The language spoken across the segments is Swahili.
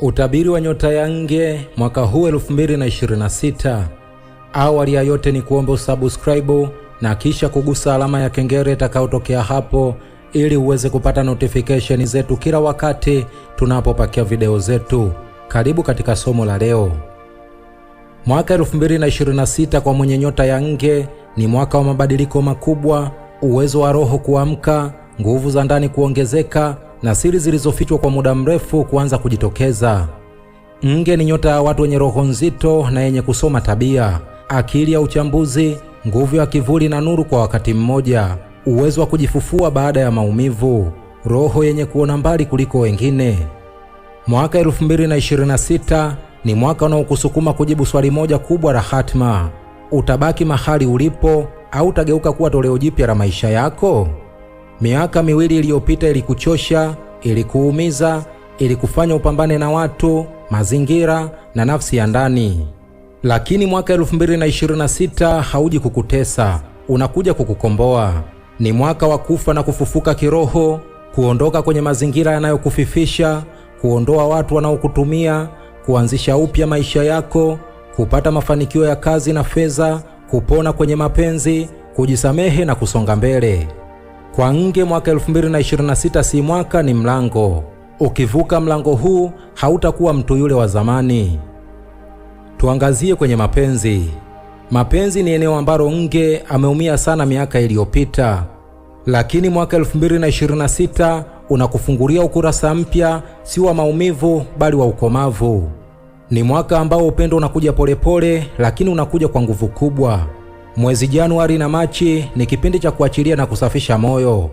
Utabiri wa nyota ya nge mwaka huu 2026. Awali ya yote ni kuomba usubscribe na kisha kugusa alama ya kengele itakayotokea hapo ili uweze kupata notification zetu kila wakati tunapopakia video zetu. Karibu katika somo la leo. Mwaka 2026 kwa mwenye nyota ya nge ni mwaka wa mabadiliko makubwa, uwezo wa roho kuamka, nguvu za ndani kuongezeka na siri zilizofichwa kwa muda mrefu kuanza kujitokeza. Nge ni nyota ya watu wenye roho nzito na yenye kusoma tabia, akili ya uchambuzi, nguvu ya kivuli na nuru kwa wakati mmoja, uwezo wa kujifufua baada ya maumivu, roho yenye kuona mbali kuliko wengine. Mwaka 2026 ni mwaka unaokusukuma kujibu swali moja kubwa la hatma: utabaki mahali ulipo au utageuka kuwa toleo jipya la maisha yako? Miaka miwili iliyopita ilikuchosha, ilikuumiza, ilikufanya upambane na watu, mazingira na nafsi ya ndani. Lakini mwaka 2026 hauji kukutesa, unakuja kukukomboa. Ni mwaka wa kufa na kufufuka kiroho, kuondoka kwenye mazingira yanayokufifisha, kuondoa watu wanaokutumia, kuanzisha upya maisha yako, kupata mafanikio ya kazi na fedha, kupona kwenye mapenzi, kujisamehe na kusonga mbele. Kwa nge mwaka 2026 si mwaka, ni mlango. Ukivuka mlango huu hautakuwa mtu yule wa zamani. Tuangazie kwenye mapenzi. Mapenzi ni eneo ambalo nge ameumia sana miaka iliyopita, lakini mwaka 2026 unakufungulia ukurasa mpya, si wa maumivu, bali wa ukomavu. Ni mwaka ambao upendo unakuja polepole pole, lakini unakuja kwa nguvu kubwa. Mwezi Januari na Machi ni kipindi cha kuachilia na kusafisha moyo.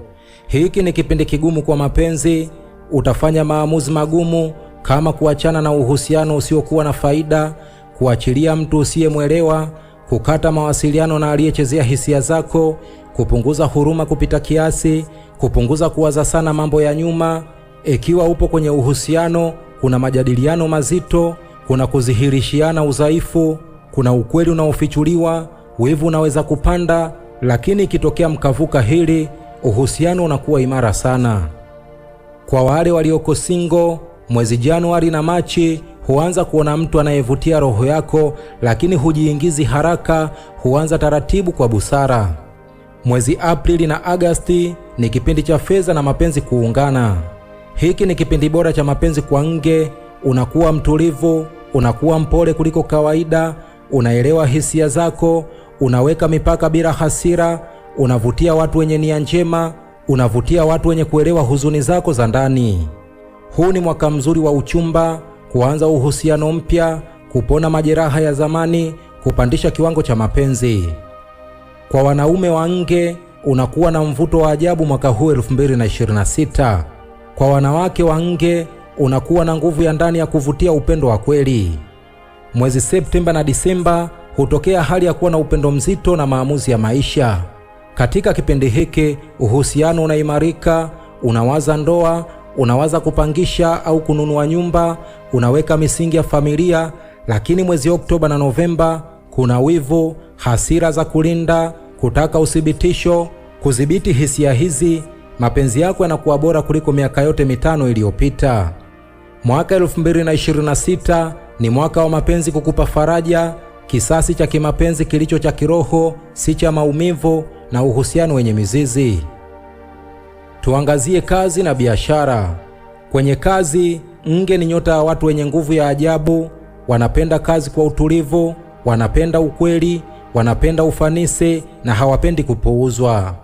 Hiki ni kipindi kigumu kwa mapenzi. Utafanya maamuzi magumu kama kuachana na uhusiano usiokuwa na faida, kuachilia mtu usiyemwelewa, kukata mawasiliano na aliyechezea hisia zako, kupunguza huruma kupita kiasi, kupunguza kuwaza sana mambo ya nyuma. Ikiwa upo kwenye uhusiano, kuna majadiliano mazito, kuna kuzihirishiana udhaifu, kuna ukweli unaofichuliwa Wivu unaweza kupanda, lakini ikitokea mkavuka hili, uhusiano unakuwa imara sana. Kwa wale walioko singo, mwezi Januari na Machi huanza kuona mtu anayevutia roho yako, lakini hujiingizi haraka, huanza taratibu kwa busara. Mwezi Aprili na Agasti ni kipindi cha fedha na mapenzi kuungana. Hiki ni kipindi bora cha mapenzi kwa nge. Unakuwa mtulivu, unakuwa mpole kuliko kawaida, unaelewa hisia zako, unaweka mipaka bila hasira, unavutia watu wenye nia njema, unavutia watu wenye kuelewa huzuni zako za ndani. Huu ni mwaka mzuri wa uchumba, kuanza uhusiano mpya, kupona majeraha ya zamani, kupandisha kiwango cha mapenzi. Kwa wanaume wa nge, unakuwa na mvuto wa ajabu mwaka huu 2026. Kwa wanawake wa nge, unakuwa na nguvu ya ndani ya kuvutia upendo wa kweli. Mwezi Septemba na Disemba hutokea hali ya kuwa na upendo mzito na maamuzi ya maisha. Katika kipindi hiki uhusiano unaimarika, unawaza ndoa, unawaza kupangisha au kununua nyumba, unaweka misingi ya familia. Lakini mwezi Oktoba na Novemba kuna wivu, hasira za kulinda, kutaka uthibitisho, kudhibiti hisia hizi. Mapenzi yako yanakuwa bora kuliko miaka yote mitano iliyopita. Mwaka 2026 ni mwaka wa mapenzi kukupa faraja Kisasi cha kimapenzi kilicho cha kiroho, si cha maumivu na uhusiano wenye mizizi. Tuangazie kazi na biashara. Kwenye kazi, nge ni nyota ya watu wenye nguvu ya ajabu. Wanapenda kazi kwa utulivu, wanapenda ukweli, wanapenda ufanisi na hawapendi kupuuzwa.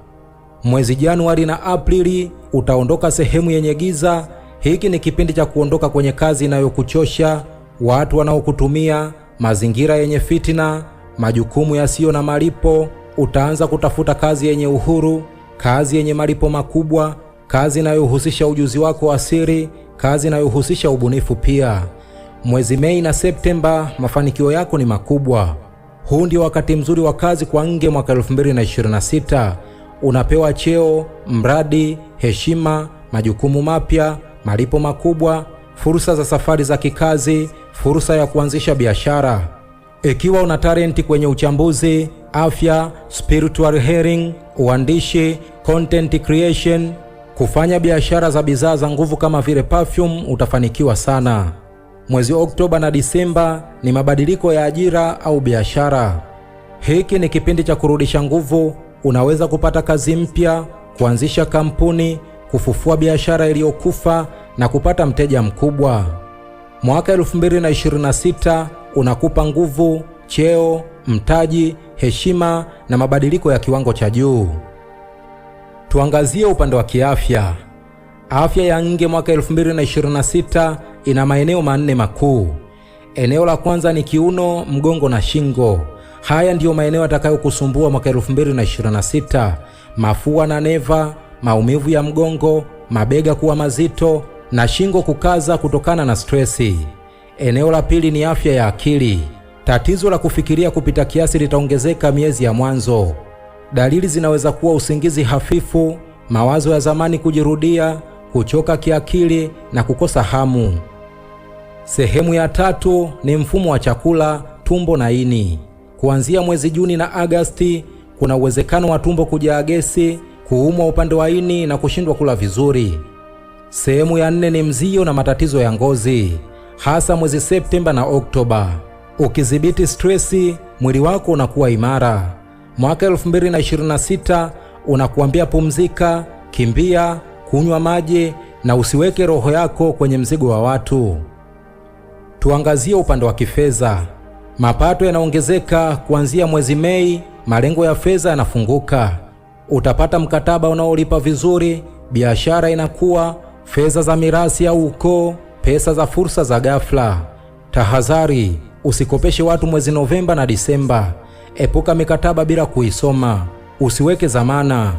Mwezi Januari na Aprili utaondoka sehemu yenye giza. Hiki ni kipindi cha kuondoka kwenye kazi inayokuchosha, watu wanaokutumia mazingira yenye fitina, majukumu yasiyo na malipo. Utaanza kutafuta kazi yenye uhuru, kazi yenye malipo makubwa, kazi inayohusisha ujuzi wako wa siri, kazi inayohusisha ubunifu pia. Mwezi Mei na Septemba, mafanikio yako ni makubwa. Huu ndio wakati mzuri wa kazi kwa Nge mwaka 2026. Unapewa cheo, mradi, heshima, majukumu mapya, malipo makubwa, fursa za safari za kikazi, fursa ya kuanzisha biashara. Ikiwa una talenti kwenye uchambuzi, afya, spiritual healing, uandishi, content creation, kufanya biashara za bidhaa za nguvu kama vile perfume, utafanikiwa sana. Mwezi Oktoba na Disemba ni mabadiliko ya ajira au biashara. Hiki ni kipindi cha kurudisha nguvu. Unaweza kupata kazi mpya, kuanzisha kampuni, kufufua biashara iliyokufa na kupata mteja mkubwa. Mwaka 2026 unakupa nguvu, cheo, mtaji, heshima na mabadiliko ya kiwango cha juu. Tuangazie upande wa kiafya. Afya ya nge mwaka 2026 ina maeneo manne makuu. Eneo la kwanza ni kiuno, mgongo na shingo. Haya ndiyo maeneo yatakayokusumbua mwaka 2026: mafua na neva, maumivu ya mgongo, mabega kuwa mazito na shingo kukaza kutokana na stresi. Eneo la pili ni afya ya akili. Tatizo la kufikiria kupita kiasi litaongezeka miezi ya mwanzo. Dalili zinaweza kuwa usingizi hafifu, mawazo ya zamani kujirudia, kuchoka kiakili na kukosa hamu. Sehemu ya tatu ni mfumo wa chakula, tumbo na ini. Kuanzia mwezi Juni na Agasti, kuna uwezekano wa tumbo kujaa gesi, kuumwa upande wa ini na kushindwa kula vizuri. Sehemu ya nne ni mzio na matatizo ya ngozi, hasa mwezi Septemba na Oktoba. Ukidhibiti stresi, mwili wako unakuwa imara. Mwaka 2026 unakuambia pumzika, kimbia, kunywa maji na usiweke roho yako kwenye mzigo wa watu. Tuangazie upande wa kifedha. Mapato yanaongezeka kuanzia mwezi Mei, malengo ya fedha yanafunguka. Utapata mkataba unaolipa vizuri, biashara inakuwa fedha za mirasi au ukoo, pesa za fursa za ghafla. Tahadhari: usikopeshe watu mwezi Novemba na Disemba. Epuka mikataba bila kuisoma. Usiweke zamana.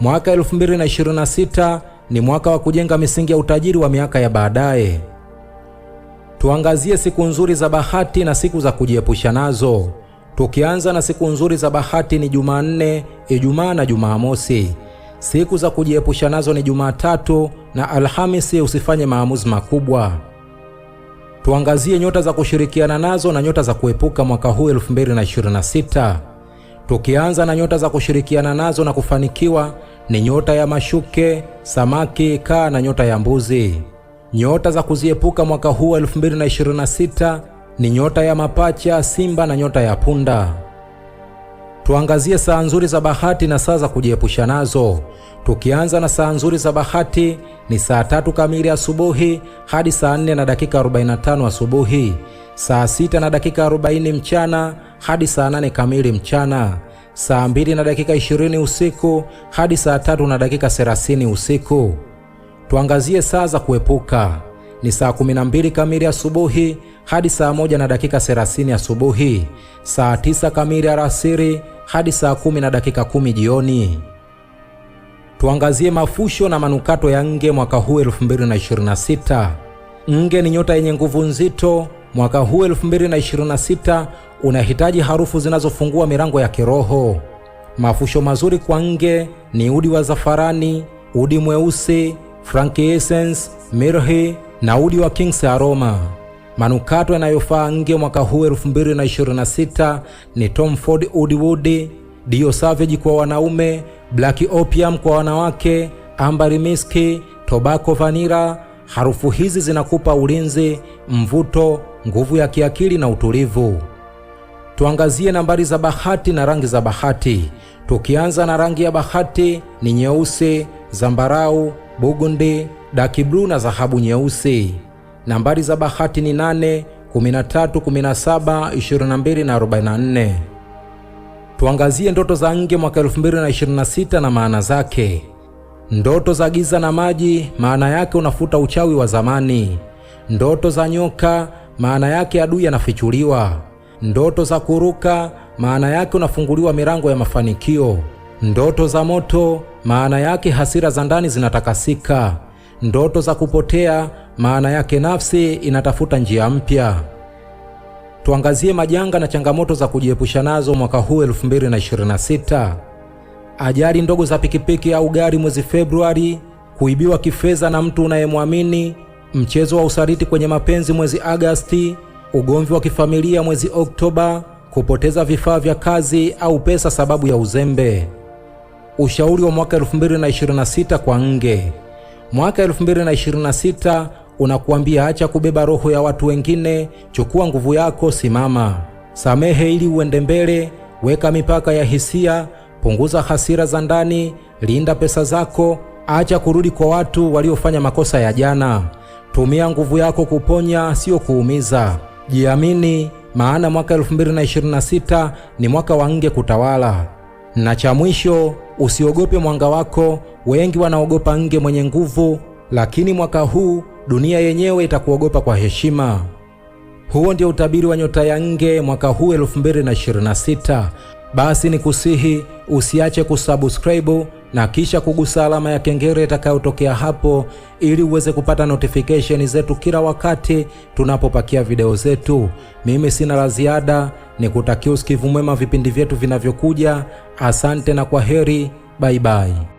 Mwaka 2026 ni mwaka wa kujenga misingi ya utajiri wa miaka ya baadaye. Tuangazie siku nzuri za bahati na siku za kujiepusha nazo. Tukianza na siku nzuri za bahati ni Jumanne, Ijumaa na Jumamosi. Siku za kujiepusha nazo ni Jumatatu na Alhamisi. Usifanye maamuzi makubwa. Tuangazie nyota za kushirikiana nazo na nyota za kuepuka mwaka huu 2026. Tukianza na nyota za kushirikiana nazo na kufanikiwa ni nyota ya mashuke, samaki, kaa na nyota ya mbuzi. Nyota za kuziepuka mwaka huu 2026 ni nyota ya mapacha, simba na nyota ya punda. Tuangazie saa nzuri za bahati na saa za kujiepusha nazo. Tukianza na saa nzuri za bahati ni saa tatu kamili asubuhi hadi saa nne na dakika 45 asubuhi, saa sita na dakika 40 mchana hadi saa nane kamili mchana, saa mbili na dakika 20 usiku hadi saa tatu na dakika 30 usiku. Tuangazie saa za kuepuka ni saa mbili kamili asubuhi hadi saa moja na dakika 30 asubuhi, saa tisa kamili alasiri hadi saa kumi na dakika kumi jioni. Tuangazie mafusho na manukato ya nge mwaka huu 2026. Nge ni nyota yenye nguvu nzito. Mwaka huu 2026 unahitaji harufu zinazofungua milango ya kiroho. Mafusho mazuri kwa nge ni udi wa zafarani, udi mweusi, frankincense, mirhi na udi wa king's aroma. Manukato yanayofaa nge mwaka huu 2026 ni Tom Ford Woodwood, Dio Savage kwa wanaume, Black Opium kwa wanawake, Amber Musk, Tobacco Vanilla. Harufu hizi zinakupa ulinzi, mvuto, nguvu ya kiakili na utulivu. Tuangazie nambari za bahati na rangi za bahati, tukianza na rangi ya bahati ni nyeusi, zambarau, bugundi, dark blue na dhahabu nyeusi. Nambari za bahati ni 8, 13, 17, 22 na 44. Tuangazie ndoto za nge mwaka 2026 na maana zake. Ndoto za giza na maji, maana yake unafuta uchawi wa zamani. Ndoto za nyoka, maana yake adui anafichuliwa ndoto za kuruka maana yake unafunguliwa milango ya mafanikio. Ndoto za moto maana yake hasira za ndani zinatakasika. Ndoto za kupotea maana yake nafsi inatafuta njia mpya. Tuangazie majanga na changamoto za kujiepusha nazo mwaka huu 2026. Ajali ndogo za pikipiki au gari mwezi Februari, kuibiwa kifedha na mtu unayemwamini, mchezo wa usaliti kwenye mapenzi mwezi Agasti, ugomvi wa kifamilia mwezi Oktoba, kupoteza vifaa vya kazi au pesa sababu ya uzembe. Ushauri wa mwaka 2026 kwa nge. Mwaka 2026 unakuambia acha kubeba roho ya watu wengine, chukua nguvu yako, simama, samehe ili uende mbele, weka mipaka ya hisia, punguza hasira za ndani, linda pesa zako, acha kurudi kwa watu waliofanya makosa ya jana. Tumia nguvu yako kuponya, sio kuumiza. Jiamini, maana mwaka 2026 ni mwaka wa nge kutawala. Na cha mwisho, usiogope mwanga wako. Wengi wanaogopa nge mwenye nguvu, lakini mwaka huu dunia yenyewe itakuogopa kwa heshima. Huo ndio utabiri wa nyota ya nge mwaka huu 2026. Basi ni kusihi usiache kusubscribe na kisha kugusa alama ya kengele itakayotokea hapo, ili uweze kupata notification zetu kila wakati tunapopakia video zetu. Mimi sina la ziada, ni kutakia usikivu mwema vipindi vyetu vinavyokuja. Asante na kwa heri, baibai.